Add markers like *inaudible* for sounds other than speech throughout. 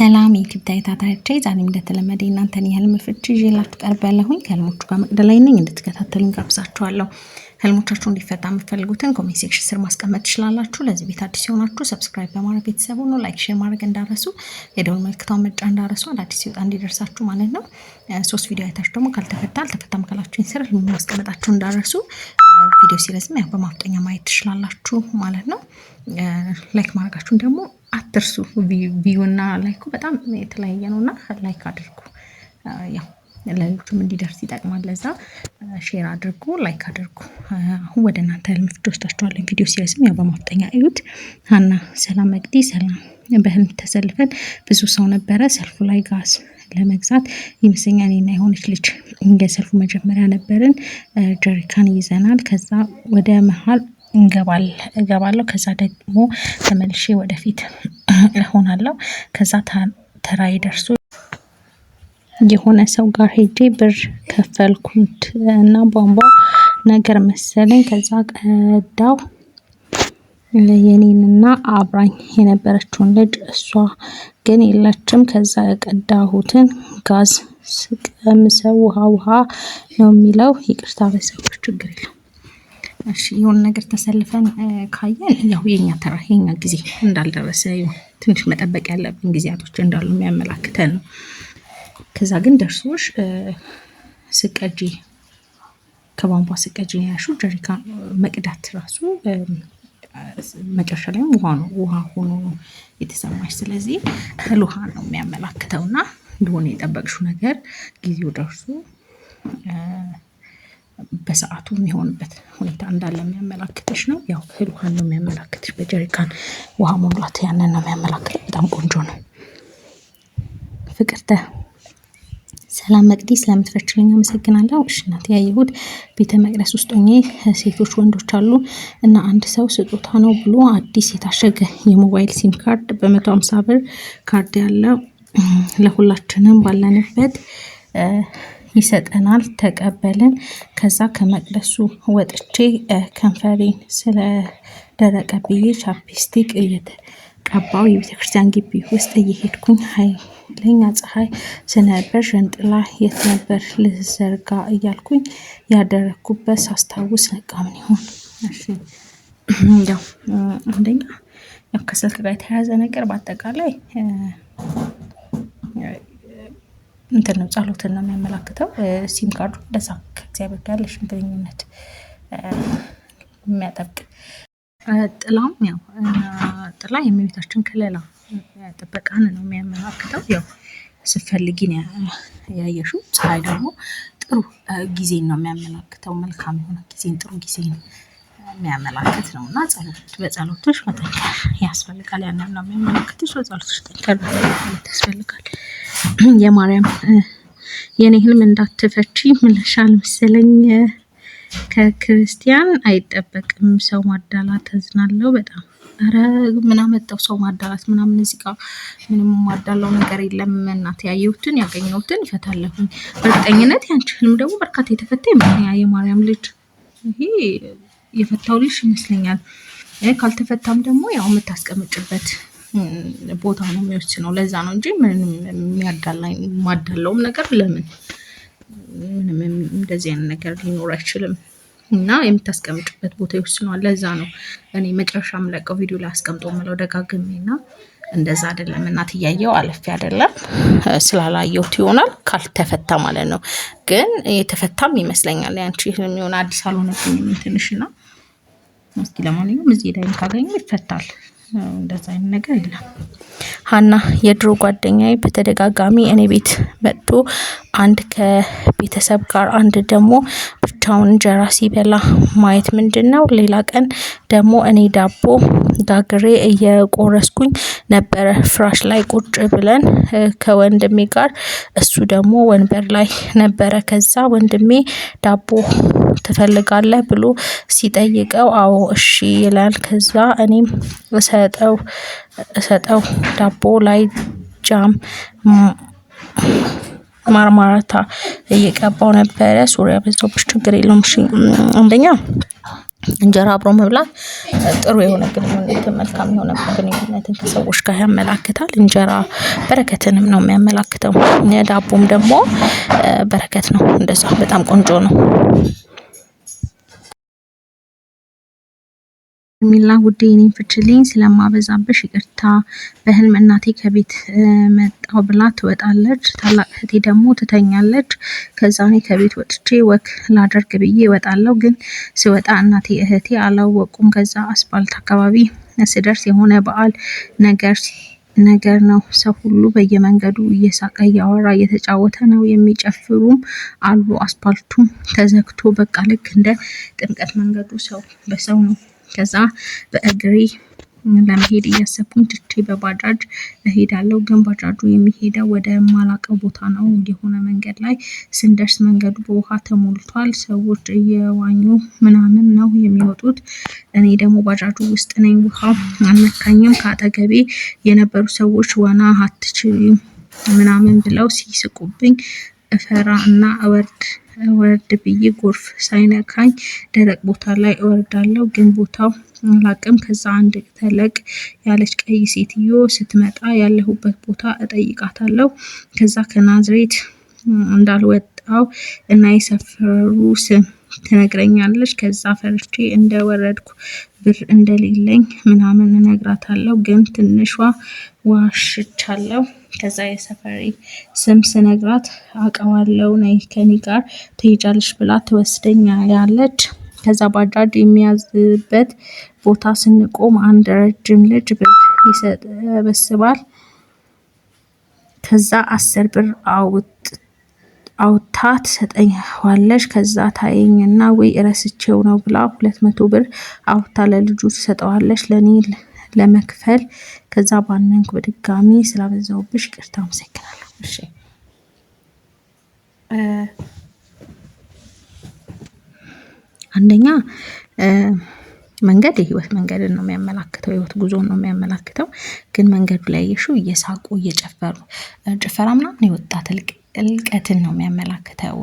ሰላም የዩቲዩብ ተከታታዮቼ ዛሬም እንደተለመደ እናንተን የህልም ፍቺ ይዤላችሁ ቀርቤያለሁኝ። ከህልሞቹ ጋር መቅደል ላይ ነኝ። እንድትከታተሉኝ ጋብዛችኋለሁ። ህልሞቻችሁ እንዲፈታ የምትፈልጉትን ኮሜንት ሴክሽን ስር ማስቀመጥ ትችላላችሁ። ለዚህ ቤት አዲስ የሆናችሁ ሰብስክራይብ በማድረግ ቤተሰብ ነው። ላይክ፣ ሼር ማድረግ እንዳረሱ፣ የደውል ምልክቷን መጫ እንዳረሱ፣ አዳዲስ ሲወጣ እንዲደርሳችሁ ማለት ነው። ሶስት ቪዲዮ አይታችሁ ደግሞ ካልተፈታ አልተፈታም ካላችሁኝ ስር ህልሙ ማስቀመጣችሁ እንዳረሱ። ቪዲዮ ሲረዝም ያው በማፍጠኛ ማየት ትችላላችሁ ማለት ነው። ላይክ ማድረጋችሁን ደግሞ አትርሱ። ቪዩና ላይኩ በጣም የተለያየ ነው እና ላይክ አድርጉ። ያው ለሌሎቹም እንዲደርስ ይጠቅማል። ለዛ ሼር አድርጉ፣ ላይክ አድርጉ። አሁን ወደ እናንተ ህልም ወስዳችኋለን። ቪዲዮ ሲያዝም ያው በማፍጠኛ እዩት። ሀና ሰላም መቅዲ ሰላም። በህልም ተሰልፈን ብዙ ሰው ነበረ። ሰልፉ ላይ ጋዝ ለመግዛት ይመስለኛ እኔና የሆነች ልጅ የሰልፉ መጀመሪያ ነበርን። ጀሪካን ይዘናል። ከዛ ወደ መሀል እንገባል እገባለሁ ከዛ ደግሞ ተመልሼ ወደፊት እሆናለሁ። ከዛ ተራ ይደርሱ የሆነ ሰው ጋር ሄጄ ብር ከፈልኩት እና ቧንቧ ነገር መሰለኝ። ከዛ ቀዳው የኔንና አብራኝ የነበረችውን ልጅ እሷ ግን የለችም። ከዛ የቀዳሁትን ጋዝ ስቀምሰው ውሃ ውሃ ነው የሚለው። ይቅርታ በሰዎች ችግር የለም እሺ የሆነ ነገር ተሰልፈን ካየን ያው የኛ ተራ የኛ ጊዜ እንዳልደረሰ ትንሽ መጠበቅ ያለብን ጊዜያቶች እንዳሉ የሚያመላክተን ነው። ከዛ ግን ደርሶሽ ስቀጂ ከቧንቧ ስቀጂ ያሹ ጀሪካ መቅዳት ራሱ መጨረሻ ላይም ውሃ ነው ውሃ ሆኖ የተሰማሽ። ስለዚህ እህል ውሃ ነው የሚያመላክተውና እንደሆነ የጠበቅሽው ነገር ጊዜው ደርሶ በሰዓቱ የሚሆንበት ሁኔታ እንዳለ የሚያመላክትሽ ነው። ያው እህል ውሃን ነው የሚያመላክትሽ። በጀሪካን ውሃ መሙላት ያንን ነው የሚያመላክተው። በጣም ቆንጆ ነው። ፍቅርተ ሰላም መቅዲ፣ ስለምትፈችልኝ አመሰግናለሁ። እሺ እናት ያየሁት ቤተ መቅደስ ውስጥ ሆኜ ሴቶች ወንዶች አሉ እና አንድ ሰው ስጦታ ነው ብሎ አዲስ የታሸገ የሞባይል ሲም ካርድ በመቶ ሀምሳ ብር ካርድ ያለው ለሁላችንም ባለንበት ይሰጠናል። ተቀበልን። ከዛ ከመቅደሱ ወጥቼ ከንፈሬን ስለደረቀ ብዬ ቻፕስቲክ እየተቀባው የቤተክርስቲያን ግቢ ውስጥ እየሄድኩኝ ኃይለኛ ፀሐይ ስነበር ሸንጥላ የት ነበር ልዘርጋ እያልኩኝ ያደረግኩበት ሳስታውስ ነቃምን ይሆን ያው አንደኛ ከስልክ ጋር የተያያዘ ነገር በአጠቃላይ እንትን ነው ጸሎትን ነው የሚያመላክተው። ሲም ካርዱ እንደዛ ከእግዚአብሔር ጋር ያለሽን ግንኙነት የሚያጠብቅ ጥላም ያው ጥላ የሚቤታችን ከለላ ጥበቃን ነው የሚያመላክተው። ያው ስትፈልጊን ያየሹ ፀሐይ ደግሞ ጥሩ ጊዜን ነው የሚያመላክተው። መልካም የሆነ ጊዜን ጥሩ ጊዜን የሚያመላክት ነው እና ጸሎት በጸሎቶች መጠንከር ያስፈልጋል። ያንን ነው የሚያመላክትሽ። በጸሎቶች ጠንከር ያስፈልጋል። *clears throat* የማርያም የኔ ህልም እንዳትፈቺ ምልሻል መሰለኝ። ከክርስቲያን አይጠበቅም ሰው ማዳላት። ተዝናለው በጣም ኧረ አመጣው ሰው ማዳላት ምናምን እዚህ ጋር ምንም ማዳላው ነገር የለም። እናት ያየሁትን ያገኘሁትን ይፈታለሁ። በእርግጠኝነት። ያንቺ ህልም ደግሞ በርካታ የተፈታ ይመስለኛል። የማርያም ልጅ ይሄ የፈታው ልጅ ይመስለኛል። ካልተፈታም ደግሞ ያው የምታስቀምጭበት ቦታ ነው የሚወስነው። ለዛ ነው እንጂ ምንም የሚያዳላኝ ማዳለውም ነገር ለምን ምንም እንደዚህ አይነት ነገር ሊኖር አይችልም። እና የምታስቀምጭበት ቦታ ይወስነዋል። ለዛ ነው እኔ መጨረሻ የምለቀው ቪዲዮ ላይ አስቀምጦ ምለው ደጋግሜ እንደዛ አይደለም። እናት እያየው አለፍ አይደለም ስላላየሁት ይሆናል ካልተፈታ ማለት ነው። ግን የተፈታም ይመስለኛል። ያንቺ የሚሆን አዲስ አልሆነብኝም ትንሽ እና እስኪ ለማንኛውም እዚህ ላይ ካገኘ ይፈታል። እንደዛ አይነት ነገር የለም። ሀና የድሮ ጓደኛዬ በተደጋጋሚ እኔ ቤት መጥቶ አንድ ከቤተሰብ ጋር አንድ ደግሞ ብቻውን እንጀራ ሲበላ ማየት ምንድን ነው። ሌላ ቀን ደግሞ እኔ ዳቦ ጋግሬ እየቆረስኩኝ ነበረ ፍራሽ ላይ ቁጭ ብለን ከወንድሜ ጋር እሱ ደግሞ ወንበር ላይ ነበረ። ከዛ ወንድሜ ዳቦ ትፈልጋለህ ብሎ ሲጠይቀው አዎ እሺ ይላል። ከዛ እኔም እሰጠው እሰጠው ዳቦ ላይ ጃም ማርማራታ እየቀባው ነበረ። ሱሪያ በዛብሽ ችግር የለውም። እሺ አንደኛ እንጀራ አብሮ መብላት ጥሩ የሆነ ግንኙነትን መልካም የሆነ ግንኙነትን ከሰዎች ጋር ያመላክታል። እንጀራ በረከትንም ነው የሚያመላክተው። ዳቦም ደግሞ በረከት ነው። እንደዛ በጣም ቆንጆ ነው። ሚላ ውዴ እኔን ፍችልኝ ስለማበዛብሽ ይቅርታ፣ በህልም እናቴ ከቤት መጣው ብላ ትወጣለች። ታላቅ እህቴ ደግሞ ትተኛለች። ከዛ እኔ ከቤት ወጥቼ ወክ ላደርግ ብዬ እወጣለሁ። ግን ስወጣ እናቴ እህቴ አላወቁም። ከዛ አስፓልት አካባቢ ስደርስ የሆነ በዓል ነገር ነገር ነው። ሰው ሁሉ በየመንገዱ እየሳቀ እያወራ እየተጫወተ ነው። የሚጨፍሩም አሉ። አስፓልቱም ተዘግቶ በቃ ልክ እንደ ጥምቀት መንገዱ ሰው በሰው ነው። ከዛ በእግሬ ለመሄድ እያሰብኩኝ ትቼ በባጃጅ እሄዳለሁ። ግን ባጃጁ የሚሄደው ወደ ማላቀው ቦታ ነው። የሆነ መንገድ ላይ ስንደርስ መንገዱ በውሃ ተሞልቷል። ሰዎች እየዋኙ ምናምን ነው የሚወጡት። እኔ ደግሞ ባጃጁ ውስጥ ነኝ። ውሃ አልነካኝም። ከአጠገቤ የነበሩ ሰዎች ዋና አትችይም ምናምን ብለው ሲስቁብኝ እፈራ እና እወርድ ወረድ ብዬ ጎርፍ ሳይነካኝ ደረቅ ቦታ ላይ እወርዳለሁ ግን ቦታው አላቅም። ከዛ አንድ ተለቅ ያለች ቀይ ሴትዮ ስትመጣ ያለሁበት ቦታ እጠይቃታለሁ። ከዛ ከናዝሬት እንዳልወጣው እና የሰፈሩ ስም ትነግረኛለች። ከዛ ፈርቼ እንደወረድኩ ብር እንደሌለኝ ምናምን እነግራታለሁ። ግን ትንሿ ዋሽቻለሁ። ከዛ የሰፈሪ ስም ስነግራት አውቀዋለሁ፣ ነይ ከኔ ጋር ትሄጃለሽ ብላ ትወስደኛለች። ከዛ ባጃጅ የሚያዝበት ቦታ ስንቆም አንድ ረጅም ልጅ ብር ይሰበስባል። ከዛ አስር ብር አውጥ አውታ ትሰጠዋለች። ከዛ ታየኝና ወይ እረስቼው ነው ብላ ሁለት መቶ ብር አውታ ለልጁ ትሰጠዋለች ለእኔ ለመክፈል። ከዛ ባነንኩ በድጋሚ ስላበዛውብሽ ይቅርታ አመሰግናለሁ። እሺ አንደኛ መንገድ የህይወት መንገድን ነው የሚያመላክተው፣ ህይወት ጉዞን ነው የሚያመላክተው። ግን መንገዱ ላይ የሹ እየሳቁ እየጨፈሩ ጭፈራ ምናምን የወጣ ትልቅ ጥልቀትን ነው የሚያመላክተው።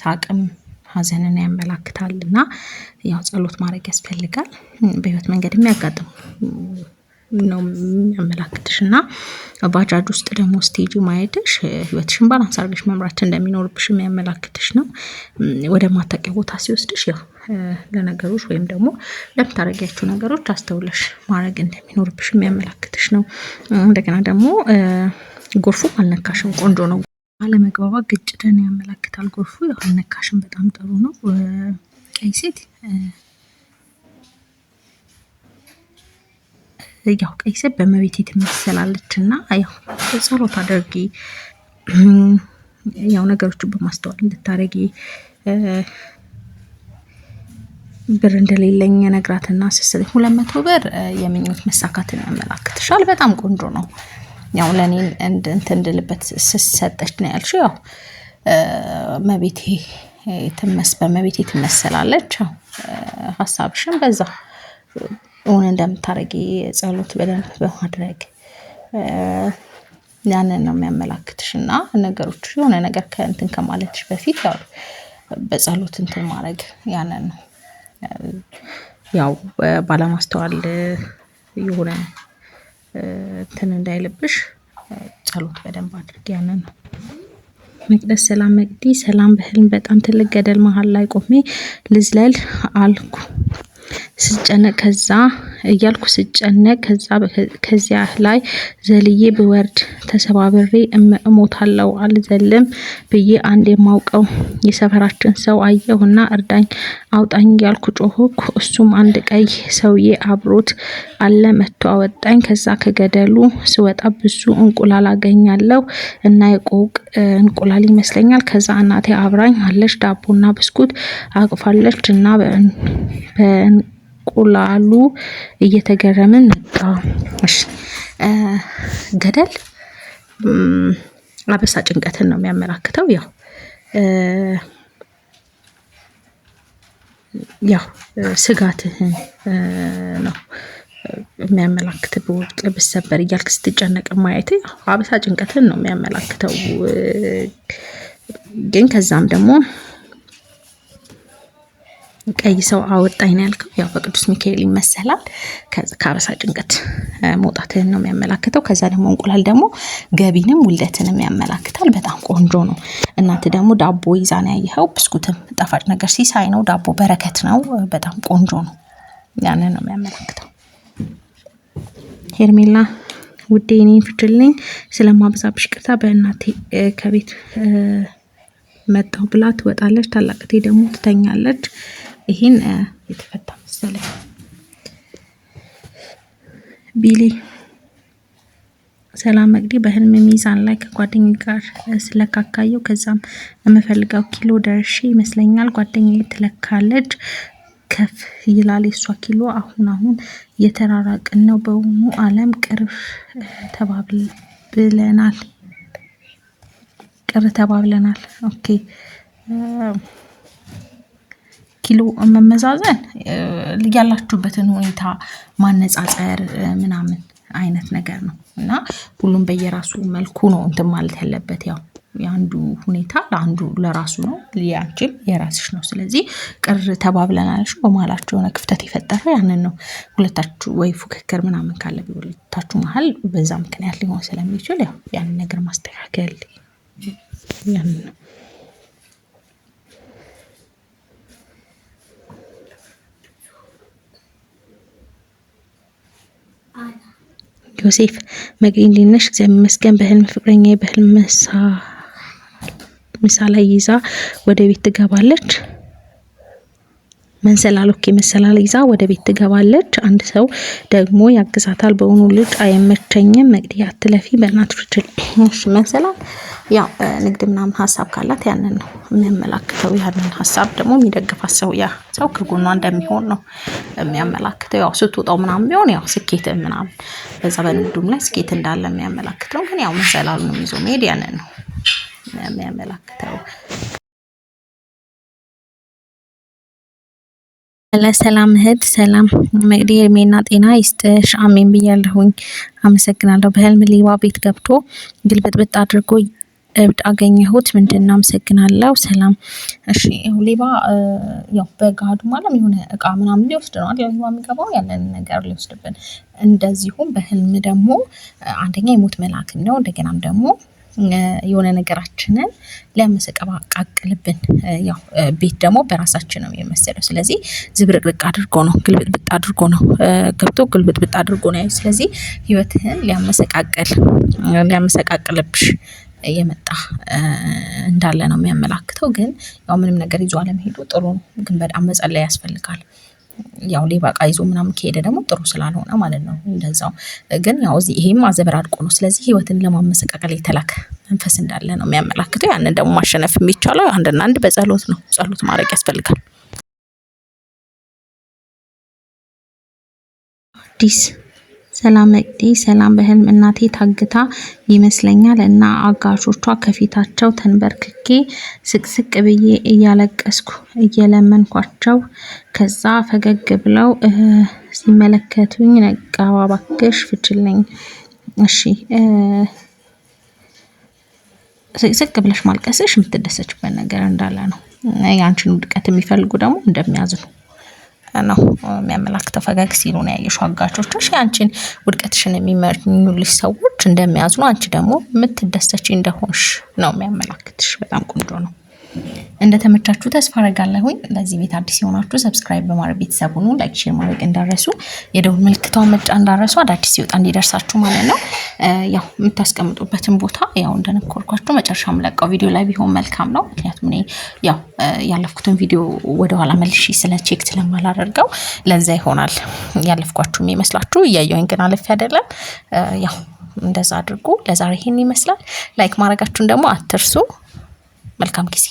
ሳቅም ሀዘንን ያመላክታል እና ያው ጸሎት ማድረግ ያስፈልጋል። በህይወት መንገድ የሚያጋጥም ነው የሚያመላክትሽ እና ባጃጅ ውስጥ ደግሞ ስቴጅ ማየትሽ ህይወትሽን ባላንስ አድርገሽ መምራት እንደሚኖርብሽ የሚያመላክትሽ ነው። ወደ ማታውቂው ቦታ ሲወስድሽ ያው ለነገሮች ወይም ደግሞ ለምታደርጊያቸው ነገሮች አስተውለሽ ማድረግ እንደሚኖርብሽ የሚያመላክትሽ ነው። እንደገና ደግሞ ጎርፉም አልነካሽም ቆንጆ ነው አለመግባባት ግጭትን ያመላክታል። ጎርፉ ያው አልነካሽም በጣም ጥሩ ነው። ቀይ ሴት ያው ቀይ ሴት በእመቤቴ ትመሰላለች እና ያው ጸሎት አድርጊ፣ ያው ነገሮችን በማስተዋል እንድታደርጊ ብር እንደሌለኝ የነግራትና ስስለኝ ሁለት መቶ ብር የምኞት መሳካትን ያመላክትሻል። በጣም ቆንጆ ነው። ያው ለእኔ እንትን እንድልበት ስሰጠች ነው ያልሽው። ያው መቤቴ ትመስ በመቤቴ ትመሰላለች። ያው ሀሳብሽን በዛ እውን እንደምታደርጊ ጸሎት በደንብ በማድረግ ያንን ነው የሚያመላክትሽ እና ነገሮች የሆነ ነገር ከእንትን ከማለትሽ በፊት ያው በጸሎት እንትን ማድረግ ያንን ነው ያው ባለማስተዋል የሆነ እንትን እንዳይልብሽ ጸሎት በደንብ አድርግ። ያንን ነው መቅደስ ሰላም መቅዲ ሰላም በህልም በጣም ትልቅ ገደል መሀል ላይ ቆሜ ልዝለል አልኩ። ስጨነቅ ከዛ እያልኩ ስጨነቅ ከዛ ከዚያ ላይ ዘልዬ ብወርድ ተሰባብሬ እሞታለሁ አልዘልም ብዬ አንድ የማውቀው የሰፈራችን ሰው አየሁና እርዳኝ አውጣኝ እያልኩ ጮህኩ። እሱም አንድ ቀይ ሰውዬ አብሮት አለ መጥቶ አወጣኝ። ከዛ ከገደሉ ስወጣ ብዙ እንቁላል አገኛለሁ እና የቆቅ እንቁላል ይመስለኛል። ከዛ እናቴ አብራኝ አለች ዳቦና ብስኩት አቅፋለች እና እንቁላሉ እየተገረምን መጣ። እሺ ገደል አበሳ ጭንቀትን ነው የሚያመላክተው። ያው ያው ስጋትህን ነው የሚያመላክት በወቅት ብሰበር እያልክ ስትጨነቅ ማየት አበሳ ጭንቀትን ነው የሚያመላክተው። ግን ከዛም ደግሞ ቀይ ሰው አወጣኝ ነው ያልከው። ያው በቅዱስ ሚካኤል ይመሰላል። ከአበሳ ጭንቀት መውጣትህን ነው የሚያመላክተው። ከዛ ደግሞ እንቁላል ደግሞ ገቢንም ውልደትንም ያመላክታል። በጣም ቆንጆ ነው። እናት ደግሞ ዳቦ ይዛ ነው ያየኸው። ብስኩትም ጣፋጭ ነገር ሲሳይ ነው። ዳቦ በረከት ነው። በጣም ቆንጆ ነው። ያንን ነው የሚያመላክተው። ሄርሜላ ውዴ፣ እኔን ፍችልኝ ስለማብዛብሽ ቅርታ። በእናቴ ከቤት መጣሁ ብላ ትወጣለች። ታላቅቴ ደግሞ ትተኛለች። ይሄን የተፈታ መሰለኝ። ቢሊ ሰላም መግዲ በህልም ሚዛን ላይ ከጓደኝ ጋር ስለካካየው ከዛም የምፈልገው ኪሎ ደርሼ ይመስለኛል። ጓደኛ ትለካለች ከፍ ይላል የእሷ ኪሎ። አሁን አሁን እየተራራቅን ነው። በውኑ አለም ቅርብ ተባብለናል። ቅር ተባብለናል። ኦኬ ኪሎ መመዛዘን ያላችሁበትን ሁኔታ ማነጻጸር ምናምን አይነት ነገር ነው እና ሁሉም በየራሱ መልኩ ነው እንትን ማለት ያለበት ያው የአንዱ ሁኔታ ለአንዱ ለራሱ ነው፣ ያንቺም የራስሽ ነው። ስለዚህ ቅር ተባብለናለሽ በመሀላችሁ የሆነ ክፍተት የፈጠረ ያንን ነው። ሁለታችሁ ወይ ፉክክር ምናምን ካለ ሁለታችሁ መሀል በዛ ምክንያት ሊሆን ስለሚችል ያው ያንን ነገር ማስተካከል ያንን ነው። ዮሴፍ መግሪ ሊነሽ እግዚአብሔር ይመስገን። በህልም ፍቅረኛ በህልም ምሳ ላይ ይዛ ወደ ቤት ትገባለች። መንሰላሎክ የመሰላል ይዛ ወደ ቤት ትገባለች። አንድ ሰው ደግሞ ያግዛታል። በሆኑ ልጅ አይመቸኝም። መቅዲ አትለፊ በእናትሽ። መንሰላል ያው ንግድ ምናምን ሀሳብ ካላት ያንን ነው የሚያመላክተው። ያንን ሀሳብ ደግሞ የሚደግፋት ሰው ያ ሰው ከጎኗ እንደሚሆን ነው የሚያመላክተው። ያው ስትወጣው ምናምን ቢሆን ያው ስኬት ምናምን በዛ በንግዱም ላይ ስኬት እንዳለ የሚያመላክተው፣ ግን ያው መሰላሉንም ይዞ መሄድ ያንን ነው የሚያመላክተው። ለሰላም እህት ሰላም መቅዲ እድሜና ጤና ይስጥሽ። አሜን ብያለሁኝ። አመሰግናለሁ። በህልም ሌባ ቤት ገብቶ ግልብጥብጥ አድርጎ እብድ አገኘሁት ምንድን ነው? አመሰግናለሁ ሰላም። እሺ ሌባ ያው በጋዱ ማለም የሆነ እቃ ምናምን ሊወስድ ነው አይደል? ሌባ የሚገባው ያለንን ነገር ሊወስድብን። እንደዚሁም በህልም ደግሞ አንደኛ የሞት መልአክም ነው። እንደገናም ደግሞ የሆነ ነገራችንን ሊያመሰቀባቃቅልብን ያው ቤት ደግሞ በራሳችን ነው የሚመሰለው። ስለዚህ ዝብርቅርቅ አድርጎ ነው ግልብጥብጥ አድርጎ ነው ገብቶ ግልብጥብጥ አድርጎ ነው። ስለዚህ ህይወትህን ሊያመሰቃቅል ሊያመሰቃቅልብሽ የመጣ እንዳለ ነው የሚያመላክተው። ግን ያው ምንም ነገር ይዞ አለመሄዱ ጥሩ ነው። ግን በጣም መጸለይ ያስፈልጋል። ያው ሌባ እቃ ይዞ ምናምን ከሄደ ደግሞ ጥሩ ስላልሆነ ማለት ነው። እንደዛው ግን ያው እዚህ ይሄም አዘበራርቆ ነው። ስለዚህ ህይወትን ለማመሰቃቀል የተላከ መንፈስ እንዳለ ነው የሚያመላክተው። ያንን ደግሞ ማሸነፍ የሚቻለው አንድና አንድ በጸሎት ነው። ጸሎት ማድረግ ያስፈልጋል። አዲስ ሰላም መቅዲ ሰላም በህልም እናቴ ታግታ ይመስለኛል እና አጋሾቿ ከፊታቸው ተንበርክኬ ስቅስቅ ብዬ እያለቀስኩ እየለመንኳቸው ከዛ ፈገግ ብለው ሲመለከቱኝ ነቃ እባክሽ ፍችልኝ። እሺ ስቅስቅ ብለሽ ማልቀስሽ የምትደሰችበት ነገር እንዳለ ነው። የአንቺን ውድቀት የሚፈልጉ ደግሞ እንደሚያዝኑ ነው የሚያመላክተው። ፈገግ ሲሉ ነው ያየሹ አጋቾችሽ የአንቺን ውድቀትሽን የሚመኙልሽ ሰዎች እንደሚያዝኑ፣ አንቺ ደግሞ የምትደሰች እንደሆንሽ ነው የሚያመላክትሽ። በጣም ቆንጆ ነው። እንደተመቻችሁ ተስፋ አረጋለሁኝ። ለዚህ ቤት አዲስ የሆናችሁ ሰብስክራይብ በማድረግ ቤተሰብ ሁኑ። ላይክ፣ ሼር ማድረግ እንዳረሱ፣ የደውል ምልክቷን መጫ እንዳረሱ፣ አዳዲስ ሲወጣ እንዲደርሳችሁ ማለት ነው። ያው የምታስቀምጡበትን ቦታ ያው እንደነኮርኳችሁ መጨረሻ ምለቀው ቪዲዮ ላይ ቢሆን መልካም ነው። ምክንያቱም እኔ ያው ያለፍኩትን ቪዲዮ ወደኋላ መልሼ ስለ ቼክ ስለማላደርገው ለዛ ይሆናል ያለፍኳችሁ የሚመስላችሁ እያየውኝ ግን አለፍ አይደለም ያው እንደዛ አድርጉ። ለዛሬ ይሄን ይመስላል። ላይክ ማድረጋችሁን ደግሞ አትርሱ። መልካም ጊዜ